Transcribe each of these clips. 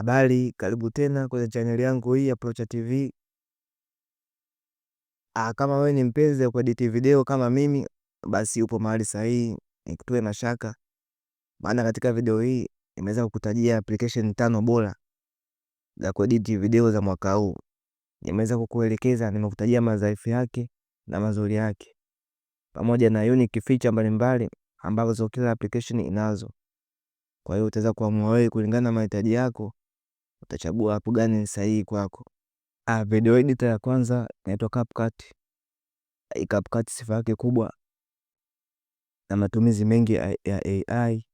Habari, karibu tena kwenye chaneli yangu hii ya Procha TV. Ah, kama wewe ni mpenzi wa kuediti video kama mimi, basi upo mahali sahihi, nikutoe na shaka. Maana katika video hii nimeweza kukutajia application tano bora za kuediti video za mwaka huu. Nimeweza kukuelekeza, nimekutajia madhaifu yake na mazuri yake, pamoja na unique feature mbalimbali ambazo kila application inazo. Kwa hiyo utaweza kuamua wewe kulingana na mahitaji yako utachagua hapo gani ni sahihi kwako. Ah, video editor ya kwanza inaitwa CapCut. CapCut sifa yake kubwa na matumizi mengi ya AI,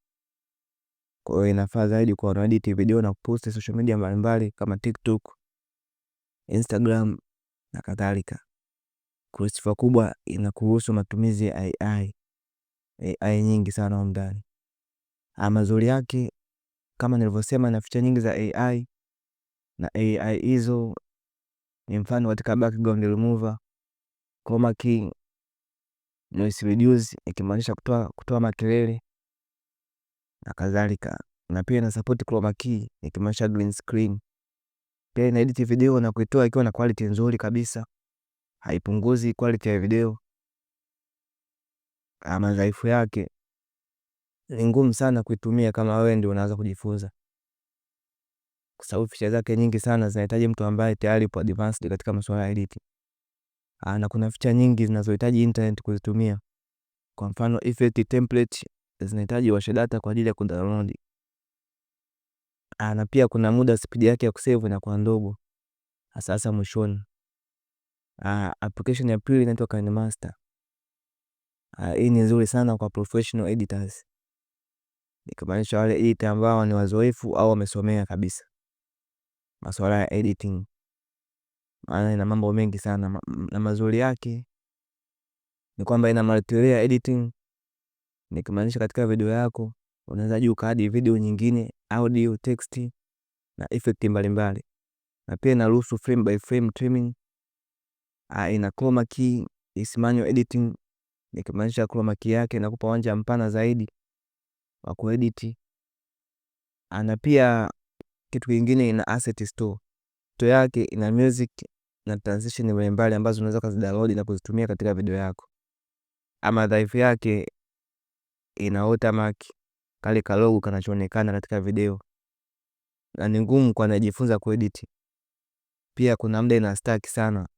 kwa hiyo inafaa zaidi kwa wanaoedit video na kuposti social media mbalimbali kama TikTok, Instagram na kadhalika. Kwa sifa kubwa inakuhusu matumizi ya AI, AI nyingi sana ndani. Ah, mazuri yake kama nilivyosema, na feature nyingi za AI na AI hizo ni mfano katika background remover, chroma key, noise reduce ikimaanisha kutoa kutoa makelele na kadhalika, na pia ina support chroma key ikimaanisha green screen. Pia ina edit video na kuitoa ikiwa na quality nzuri kabisa, haipunguzi quality ya video. Madhaifu yake ni ngumu sana kuitumia kama wewe ndio unaanza kujifunza kwa sababu feature zake nyingi sana zinahitaji mtu ambaye tayari yupo advanced katika masuala ya editing. Ah, na kuna feature nyingi zinazohitaji internet kuzitumia. Kwa mfano effect template zinahitaji washe data kwa ajili ya kudownload. Ah, na pia kuna muda speed yake ya kusave inakuwa ndogo. Sasa mwishoni. Ah, application ya pili inaitwa KineMaster. Hii ni nzuri sana kwa professional editors. Nikimaanisha wale editor ambao ni wazoefu au wamesomea kabisa masuala ya editing, maana ina mambo mengi sana, na mazuri yake ni kwamba ina multi editing, nikimaanisha katika video yako unaweza juu ukaadi video nyingine, audio, text na effect mbalimbali, na pia inaruhusu frame by frame trimming. Ah, ina chroma key, is manual editing, nikimaanisha chroma key yake inakupa uwanja mpana zaidi wa kuedit, ah, na pia kitu kingine ina asset store. Store yake ina music na transition mbalimbali ambazo unaweza kuzidownload na kuzitumia katika video yako. Ama dhaifu yake ina watermark, kale kalogo kanachoonekana katika video na ni ngumu kwa anayejifunza kuedit. Pia kuna muda ina stack sana,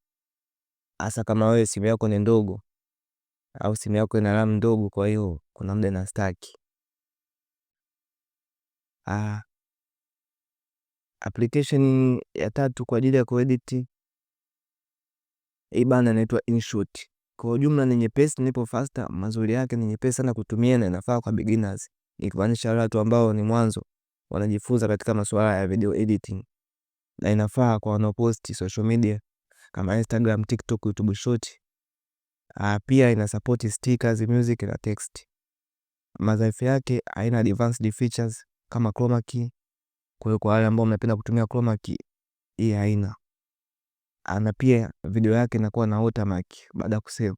hasa kama wewe simu yako ni ndogo au simu yako ina RAM ndogo, kwa hiyo kuna muda ina stack. Ah. Application ya tatu kwa ajili ya kuedit hii bana inaitwa InShot. Kwa ujumla ni nyepesi, nipo faster, mazuri yake ni nyepesi sana kutumia na inafaa kwa beginners. Ikimaanisha wale watu ambao ni mwanzo wanajifunza katika masuala ya video editing. Na inafaa kwa wanaopost social media kama Instagram, TikTok, YouTube short. Ah, pia ina support stickers, music na text. Madhaifu yake haina advanced features kama chroma key kwa hiyo kwa wale ambao mnapenda kutumia chroma key hii haina ana ah, pia video yake inakuwa na watermark baada ya kusave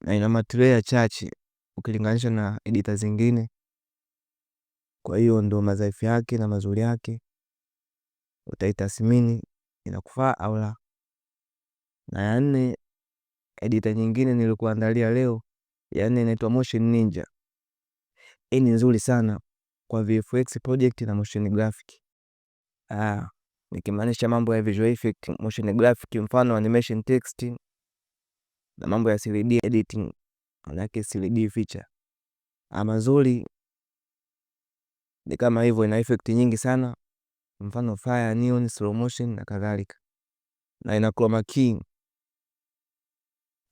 na ina ya chache ukilinganisha na edita zingine. Kwa hiyo ndo madhaifu yake na mazuri yake, utaitathmini inakufaa au la. Na ya nne edita nyingine nilikuandalia leo ya nne inaitwa Motion Ninja, hii ni nzuri sana kwa VFX project na motion graphic. Ah, nikimaanisha mambo ya visual effect, motion graphic, mfano animation, text na mambo ya 3D editing, maana yake 3D feature. Amazon ah, ni kama hivyo, ina effect nyingi sana, mfano fire, neon, slow motion na kadhalika, na ina chroma key,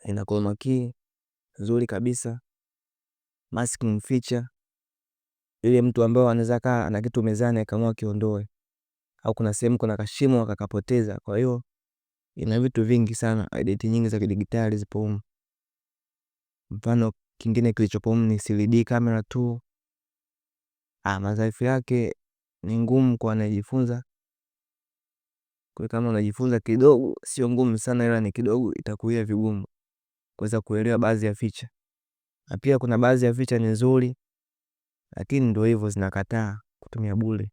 ina chroma key nzuri kabisa, masking feature yule mtu ambaye anaweza kaa ana kitu mezani akaamua kiondoe, au kuna sehemu kuna kashimo akakapoteza. Kwa hiyo ina vitu vingi sana, aditi nyingi za kidigitali zipo humu. Mfano kingine kilichopo humu ni CD camera tu. Ah, madhaifu yake ni ngumu kwa anayejifunza. Kwa kama unajifunza kidogo, sio ngumu sana, ila ni kidogo itakuwa vigumu kuweza kuelewa baadhi ya ficha, na pia kuna baadhi ya ficha ni nzuri lakini ndo hivyo zinakataa kutumia bure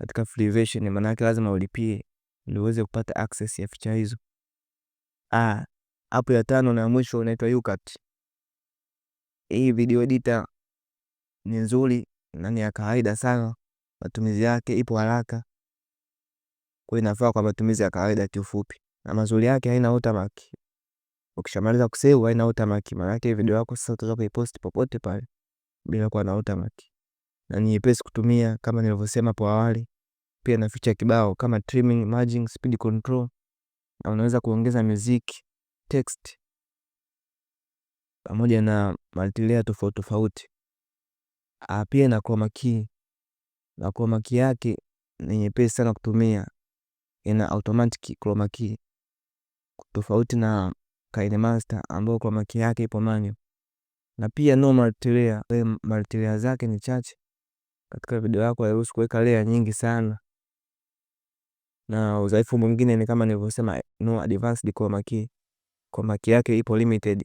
katika freevation, maana yake lazima ulipie ndio uweze kupata access ya feature hizo. Ah, app ya tano na mwisho inaitwa YouCut. Hii video editor ni nzuri na ni ya kawaida sana, matumizi yake ipo haraka, kwa inafaa kwa matumizi ya kawaida kiufupi, na mazuri yake haina watermark. Ukishamaliza kusave haina watermark, maana yake video yako sasa utaweza kuipost popote pale bila kuwa na automatic na ni nyepesi kutumia kama nilivyosema hapo awali. Pia na feature kibao kama trimming, merging, speed control na unaweza kuongeza muziki, text pamoja na multilayer tofauti tofauti. Ah, pia na chroma key, na chroma key yake ni nyepesi sana kutumia, ina automatic chroma key tofauti na KineMaster ambayo chroma key yake ipo manual na pia no martiria. Martiria zake ni chache katika video yako, hairuhusu kuweka layer nyingi sana, na udhaifu mwingine ni kama nilivyosema, no advanced chroma key, chroma key yake ipo limited,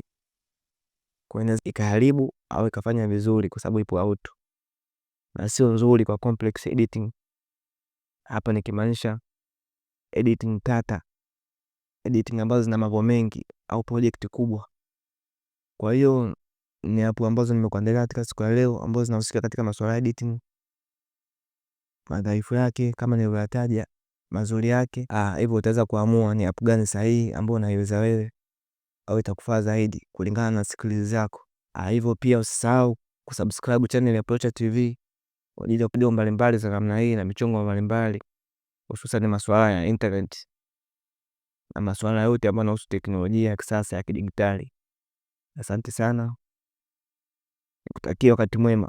kwa inaweza ikaharibu au ikafanya vizuri, kwa sababu ipo auto na sio nzuri kwa complex editing. Hapa nikimaanisha editing tata, editing ambazo zina mambo mengi au project kubwa. Kwa hiyo ni app ambazo nimekuandalia katika siku ya leo ambazo zinahusika katika masuala ya editing, madhaifu yake kama nilivyoyataja, mazuri yake. Ah, Hivyo utaweza kuamua ni app gani sahihi ambayo unaiweza wewe au itakufaa zaidi kulingana na skills zako. Ah, Hivyo pia usisahau kusubscribe channel ya Procha TV kwa ajili ya video mbalimbali za namna hii na michongo mbalimbali, hususan masuala ya internet na masuala yote ambayo yanahusu teknolojia ya kisasa ya kidigitali. Asante sana kutakia wakati mwema.